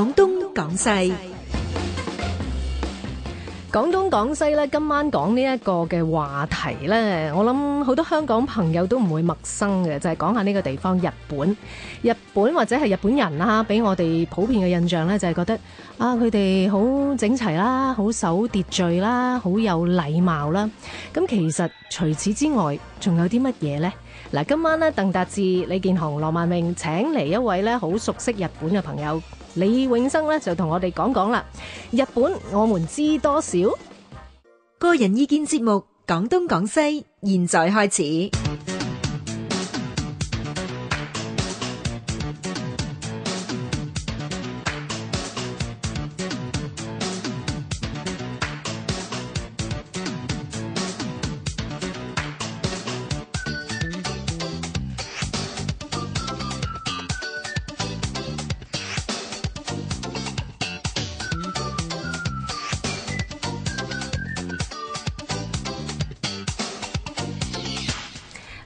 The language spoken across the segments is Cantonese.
廣東廣西，廣東廣西咧。今晚講呢一個嘅話題咧，我諗好多香港朋友都唔會陌生嘅，就係講下呢個地方。日本，日本或者係日本人啦，俾我哋普遍嘅印象咧，就係覺得啊，佢哋好整齊啦，好守秩序啦，好有禮貌啦。咁其實除此之外，仲有啲乜嘢呢？嗱，今晚咧，鄧達智、李健雄、羅曼穎請嚟一位咧，好熟悉日本嘅朋友。李永生咧就同我哋講講啦，日本我們知多少？個人意見節目，講東講西，現在開始。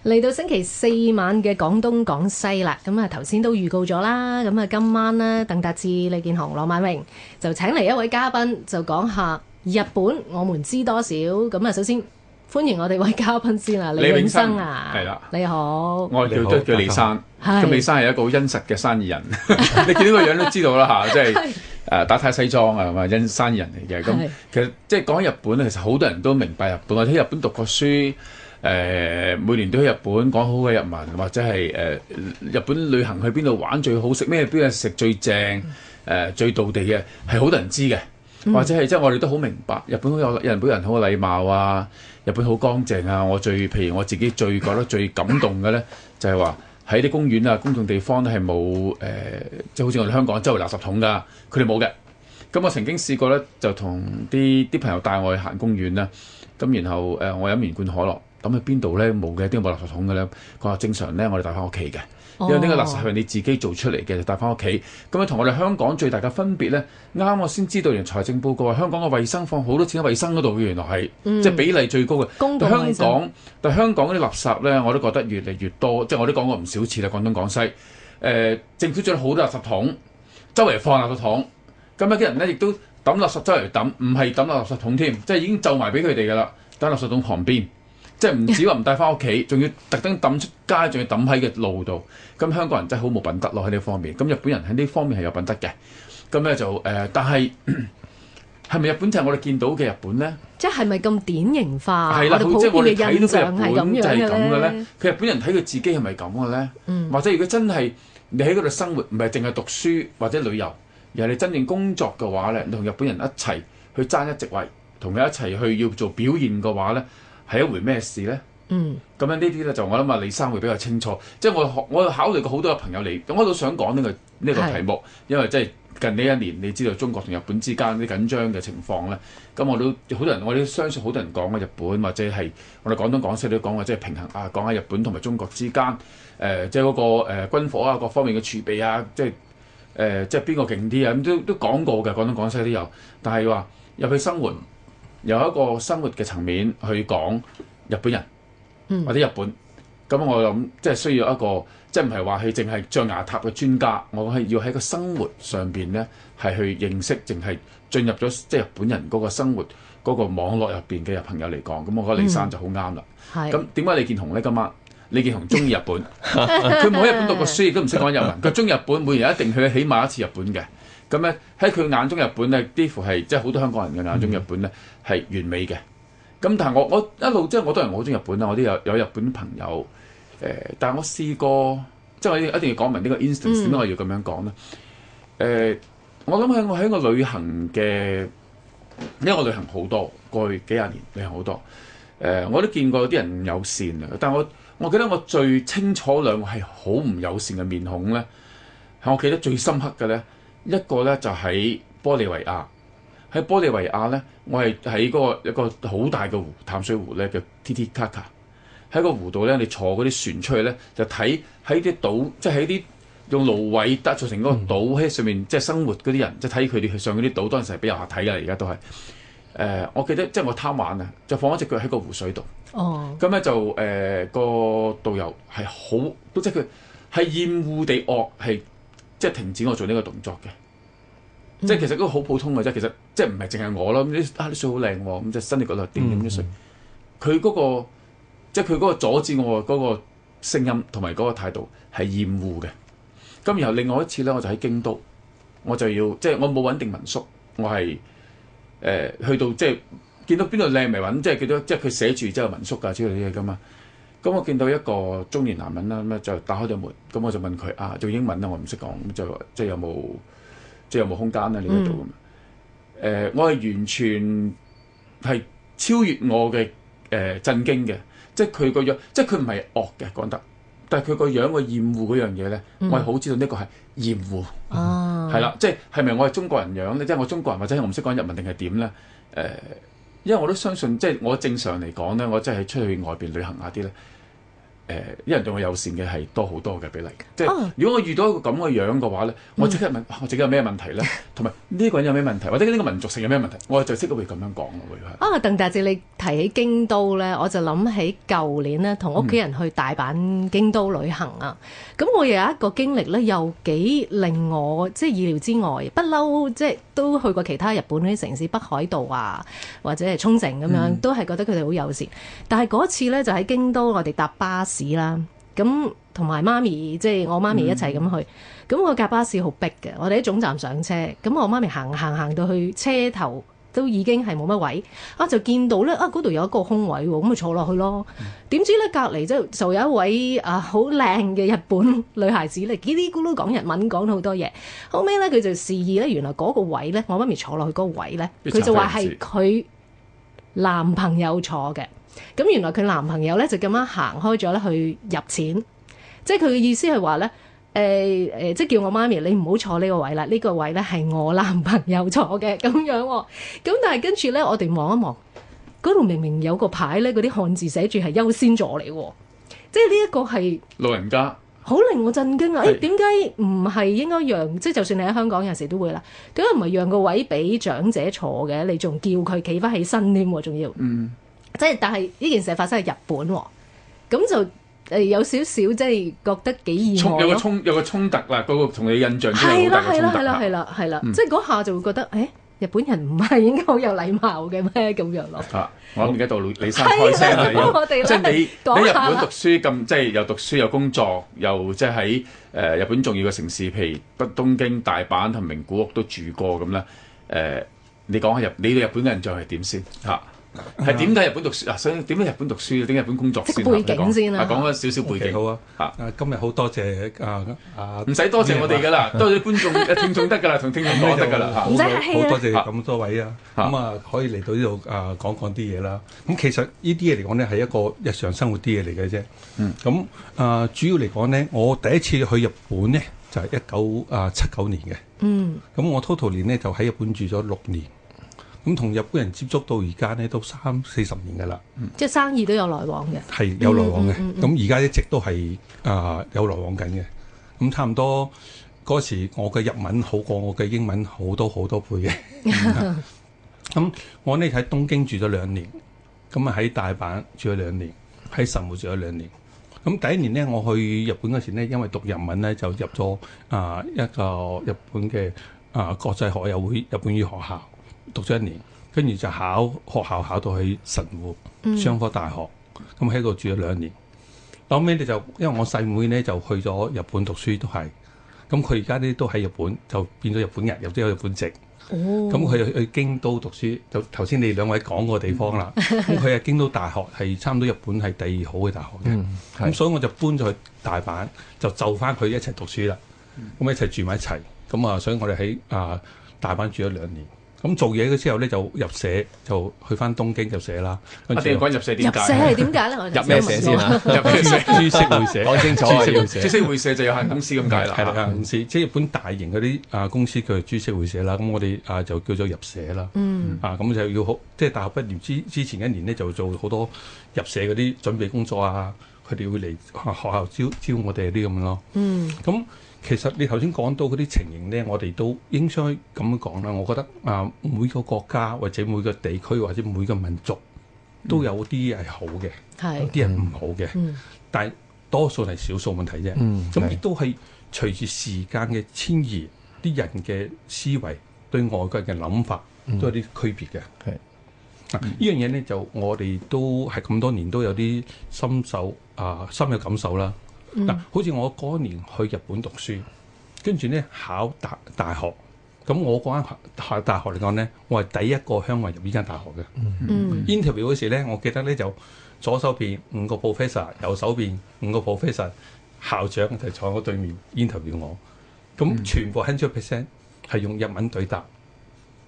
嚟到星期四晚嘅廣東廣西啦，咁啊頭先都預告咗啦，咁啊今晚咧，鄧達智、李健雄、羅曼穎就請嚟一位嘉賓，就講下日本，我們知多少？咁啊首先歡迎我哋位嘉賓先啊，李永生啊，係啦，你好，我叫都叫李生，咁李生係一個好殷實嘅生意人，你見到個樣都知道啦嚇，即係誒打呔西裝啊，咁啊殷生意人嚟嘅。咁其實即係講日本咧，其實好多人都明白日本，我喺日本讀過書。誒每年都去日本講好嘅日文，或者係誒日本旅行去邊度玩最好，食咩，邊度食最正？誒最道地嘅係好多人知嘅，嗯、或者係即係我哋都好明白日本好有日本人好有禮貌啊，日本好乾淨啊。我最譬如我自己最覺得最感動嘅咧，就係話喺啲公園啊、公共地方咧係冇誒，即、呃、係好似我哋香港周圍垃圾桶㗎，佢哋冇嘅。咁我曾經試過咧，就同啲啲朋友帶我去行公園啦。咁然後、呃、我飲完罐可樂。咁喺邊度咧？冇嘅啲冇垃圾桶嘅咧，佢話正常咧，我哋帶翻屋企嘅，因為呢個垃圾係你自己做出嚟嘅，oh. 就帶翻屋企。咁樣同我哋香港最大嘅分別咧，啱啱我先知道。原來財政報告話香港嘅衞生，放好多錢喺衞生嗰度原來係、嗯、即係比例最高嘅。香港，但香港啲垃圾咧，我都覺得越嚟越多。即係我都講過唔少次啦，廣東廣西誒、呃，政府裝咗好多垃圾桶，周圍放垃圾桶。咁樣啲人咧亦都抌垃圾周圍抌，唔係抌垃圾桶添，即係已經就埋俾佢哋㗎啦，喺垃圾桶旁邊。 即係唔止話唔帶翻屋企，仲要特登抌出街，仲要抌喺個路度。咁香港人真係好冇品德咯喺呢方面。咁日本人喺呢方面係有品德嘅。咁咧就誒、呃，但係係咪日本就係我哋見到嘅日本咧？即係係咪咁典型化？係啦的，即係我哋睇到嘅日本就係咁嘅咧。佢、嗯、日本人睇佢自己係咪咁嘅咧？或者如果真係你喺嗰度生活，唔係淨係讀書或者旅遊，而係你真正工作嘅話咧，你同日本人一齊去爭一席位，同佢一齊去要做表現嘅話咧。係一回咩事呢？嗯，咁樣呢啲呢，就我諗啊，李生會比較清楚。即係我我考慮過好多個朋友嚟，咁我都想講呢個呢個題目，的因為即係近呢一年，你知道中國同日本之間啲緊張嘅情況呢。咁我都好多人，我哋相信好多人講過日本，或者係我哋廣東廣西都講過，即係平衡啊，講下日本同埋中國之間，誒即係嗰個誒軍火啊，各方面嘅儲備啊，即係誒即係邊個勁啲啊，咁都都講過嘅，廣東廣西都有，但係話入去生活。有一個生活嘅層面去講日本人或者日本，咁、嗯、我諗即係需要一個，即係唔係話佢淨係象牙塔嘅專家，我係要喺個生活上邊咧，係去認識，淨係進入咗即係日本人嗰個生活嗰個網絡入邊嘅朋友嚟講，咁我覺得李生就好啱啦。咁點解李健雄咧？今晚李健雄中意日本，佢冇喺日本讀過書，亦都唔識講日文。佢中意日本，每年一定去，起碼一次日本嘅。咁咧喺佢眼中，日本咧幾乎係即係好多香港人嘅眼中，日本咧係、嗯、完美嘅。咁但係我我一路即係我都係我好鍾意日本啦。我都有有日本朋友誒、呃，但係我試過即係我一定要講明呢個 instance 點解、嗯、我要咁樣講咧？誒、呃，我諗喺我喺我旅行嘅，因為我旅行好多過去幾廿年旅行好多誒、呃，我都見過有啲人友善啊。但係我我記得我最清楚兩個係好唔友善嘅面孔咧，係我記得最深刻嘅咧。一個咧就喺、是、玻利維亞，喺玻利維亞咧，我係喺嗰個一個好大嘅湖淡水湖咧，叫 Titicaca。喺個湖度咧，你坐嗰啲船出去咧，就睇喺啲島，即係喺啲用蘆葦搭做成嗰個島喺上面，即係、嗯就是、生活嗰啲人，即係睇佢哋上嗰啲島。嗰陣時係俾遊客睇㗎，而家都係。誒、呃，我記得即係、就是、我貪玩啊，就放一隻腳喺個湖水度。哦。咁咧就誒、呃那個導遊係好，都即係佢係厭惡地惡係。是即係停止我做呢個動作嘅，即係、嗯、其實都好普通嘅啫。其實即係唔係淨係我咯，啲黑啲水好靚喎，咁即係身力嗰度點飲啲水。佢嗰、嗯那個即係佢嗰個阻止我嗰個聲音同埋嗰個態度係厭惡嘅。咁然後另外一次咧，我就喺京都，我就要即係我冇穩定民宿，我係誒、呃、去到即係見到邊度靚咪揾，即係幾多即係佢寫住即係民宿啊之類啲嘢噶嘛。咁我見到一個中年男人啦、啊，咁就打開咗門。咁我就問佢啊，做英文啦、啊，我唔識講，咁就即係有冇即係有冇空間咧、啊？你度誒、嗯呃，我係完全係超越我嘅誒、呃、震驚嘅，即係佢個樣，即係佢唔係惡嘅講得，但係佢個樣嘅厭惡嗰樣嘢咧，嗯、我係好知道呢個係厭惡，係啦、啊，即係係咪我係中國人樣咧？即係我中國人或者係我唔識講日文定係點咧？誒、呃，因為我都相信即係我正常嚟講咧，我真係出去外邊旅行下啲咧。誒，一人對我友善嘅係多好多嘅比例，即係如果我遇到一個咁嘅樣嘅話咧，我即刻問我自己有咩問題咧，同埋呢個人有咩問題，或者呢個民族性有咩問題，我就即刻會咁樣講咯，會係。啊，鄧達智，你提起京都咧，我就諗起舊年呢，同屋企人去大阪、京都旅行啊，咁、嗯、我有一個經歷咧，又幾令我即係意料之外，不嬲即係都去過其他日本嗰啲城市，北海道啊，或者係沖繩咁樣，都係覺得佢哋好友善，嗯、但係嗰次咧就喺京都，我哋搭巴士。啦，咁同埋媽咪，即係我媽咪一齊咁去，咁、嗯、我架巴士好逼嘅，我哋喺總站上車，咁我媽咪行行行到去車頭都已經係冇乜位，啊就見到呢啊嗰度有一個空位，咁咪坐落去咯。點、嗯、知呢隔離即係就有一位啊好靚嘅日本女孩子呢嘰哩咕嚕講日文，講咗好多嘢。後尾呢，佢就示意呢原來嗰個位呢，我媽咪坐落去嗰個位呢，佢就話係佢男朋友坐嘅。咁原來佢男朋友咧就咁樣行開咗咧去入錢，即係佢嘅意思係話咧，誒、欸、誒、呃，即係叫我媽咪，你唔好坐呢個位啦，呢、這個位咧係我男朋友坐嘅咁樣、哦。咁但係跟住咧，我哋望一望，嗰度明明有個牌咧，嗰啲漢字寫住係優先座嚟，即係呢一個係老、啊、人家，好令我震驚啊！誒是，點解唔係應該讓？即係就算你喺香港有陣時都會啦，點解唔係讓個位俾長者坐嘅？你仲叫佢企翻起身添，仲要嗯。即係，但係呢件事發生喺日本，咁就誒有少少，即係覺得幾意外咯。有個衝有個衝突啦，嗰、那個同你印象中冇咁大衝突。係啦係啦係啦係啦係啦，嗯、即係嗰下就會覺得誒、欸，日本人唔係應該好有禮貌嘅咩咁樣咯。吓， 我諗而家到李生開聲的我哋即係你喺日本讀書咁，即係又讀書又工作，又即係喺誒日本重要嘅城市，譬如北東京、大阪同名古屋都住過咁啦。誒，你講下日你嘅日本嘅印象係點先吓？係點睇日本讀書啊？想點睇日本讀書，點日本工作先背景先啦，講返，少少背景好啊！吓，今日好多謝啊啊，唔使多謝我哋噶啦，多謝觀眾、聽眾得噶啦，同聽眾多得噶啦，好多謝咁多位啊！咁啊，可以嚟到呢度啊，講講啲嘢啦。咁其實呢啲嘢嚟講呢，係一個日常生活啲嘢嚟嘅啫。咁啊，主要嚟講呢，我第一次去日本呢，就係一九啊七九年嘅。嗯。咁我 total 年呢，就喺日本住咗六年。咁同日本人接觸到而家呢，都三四十年㗎啦。嗯、即係生意都有來往嘅，係有來往嘅。咁而家一直都係啊、呃、有來往緊嘅。咁、嗯、差唔多嗰時，我嘅日文好過我嘅英文好多好多倍嘅。咁、嗯 嗯、我呢喺東京住咗兩年，咁啊喺大阪住咗兩年，喺神戶住咗兩年。咁、嗯、第一年呢，我去日本嗰時呢，因為讀日文呢，就入咗啊、呃、一個日本嘅啊、呃、國際學友會日本語學校。讀咗一年，跟住就考學校，考到去神戶商科大學，咁喺度住咗兩年。後尾你就因為我細妹，妹呢，就去咗日本讀書，在都係，咁佢而家呢，都喺日本，就變咗日本人，有啲有日本籍。咁佢、哦、去，去京都讀書，就頭先你兩位講個地方啦。咁佢喺京都大學係差唔多日本係第二好嘅大學嘅，咁、嗯、所以我就搬咗去大阪，就就翻佢一齊讀書啦。咁一齊住埋一齊，咁啊，所以我哋喺啊大阪住咗兩年。咁做嘢嘅之後咧，就入社就去翻東京就社啦。我哋講入社點解？入社係點解咧？入咩社先啦？入株式會社。講清楚社株式會社就有限公司咁解啦。係有限公司，即係日本大型嗰啲啊公司，佢係株式會社啦。咁我哋啊就叫做入社啦。嗯。啊，咁就要好，即係大學畢業之之前一年咧，就做好多入社嗰啲準備工作啊。佢哋會嚟學校招招我哋啲咁咯。嗯。咁。其實你頭先講到嗰啲情形呢，我哋都應該咁樣講啦。我覺得啊，每個國家或者每個地區或者每個民族都有啲係好嘅，嗯、有啲係唔好嘅。嗯、但係多數係少數問題啫。嗯，咁亦都係隨住時間嘅遷移，啲人嘅思維對外國人嘅諗法都有啲區別嘅。係、嗯，呢、嗯、樣嘢呢，就我哋都係咁多年都有啲深受啊，深有感受啦。嗱、嗯，好似我嗰年去日本讀書，跟住咧考大大學，咁我嗰間大大學嚟講咧，我係第一個香港人入依間大學嘅。嗯、Interview 嗰時咧，我記得咧就左手邊五個 professor，右手邊五個 professor，校長就坐我對面 Interview 我，咁全部 hundred percent 係用日文對答。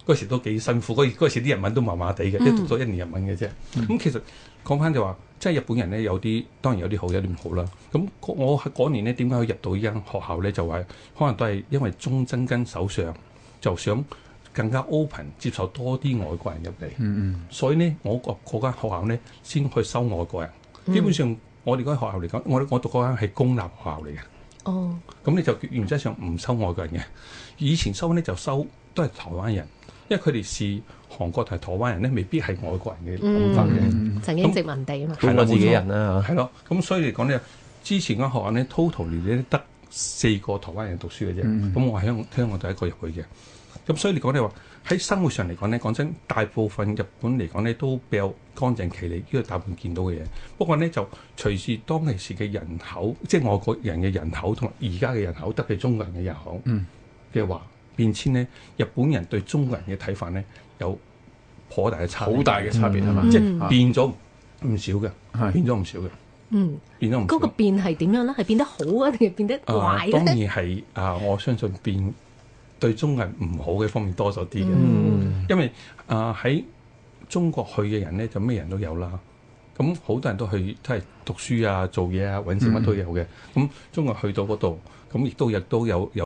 嗰時都幾辛苦，嗰時啲日文都麻麻地嘅，即係讀咗一年日文嘅啫。咁、嗯、其實講返就話，即係日本人咧有啲當然有啲好，有啲唔好啦。咁我喺嗰年咧點解可以入到呢間學校咧？就話可能都係因為中曾根首相就想更加 open 接受多啲外國人入嚟，嗯嗯、所以咧我個嗰間學校咧先去收外國人。基本上我哋嗰間學校嚟講，我我讀嗰間係公立學校嚟嘅，咁、哦、你就原則上唔收外國人嘅。以前收咧就收都係台灣人。因為佢哋是韓國同埋台灣人咧，未必係外國人嘅部分嘅。嗯嗯、曾經殖民地啊嘛，係我自己人啦嚇。係咯，咁所以嚟講咧，之前嗰學校咧，total 年咧得四個台灣人讀書嘅啫。咁、嗯、我喺香港第一個入去嘅。咁所以嚟講咧話，喺生活上嚟講咧，講真，大部分日本嚟講咧都比較乾淨企理，呢個大部分見到嘅嘢。不過咧就隨住當其時嘅人口，即、就、係、是、外國人嘅人口同埋而家嘅人口，特別中國人嘅人口嘅、嗯、話。變遷呢，日本人對中國人嘅睇法呢，有頗大嘅差，好大嘅差別啊！即係變咗唔少嘅，變咗唔少嘅。嗯，變咗唔。嗰個變係點樣呢？係變得好啊，定係變得壞呢、啊？當然係啊！我相信變對中國人唔好嘅方面多咗啲嘅。嗯、因為啊喺中國去嘅人呢，就咩人都有啦。咁好多人都去都係讀書啊、做嘢啊、揾錢乜都有嘅。咁、嗯、中國去到嗰度，咁亦都亦都有。有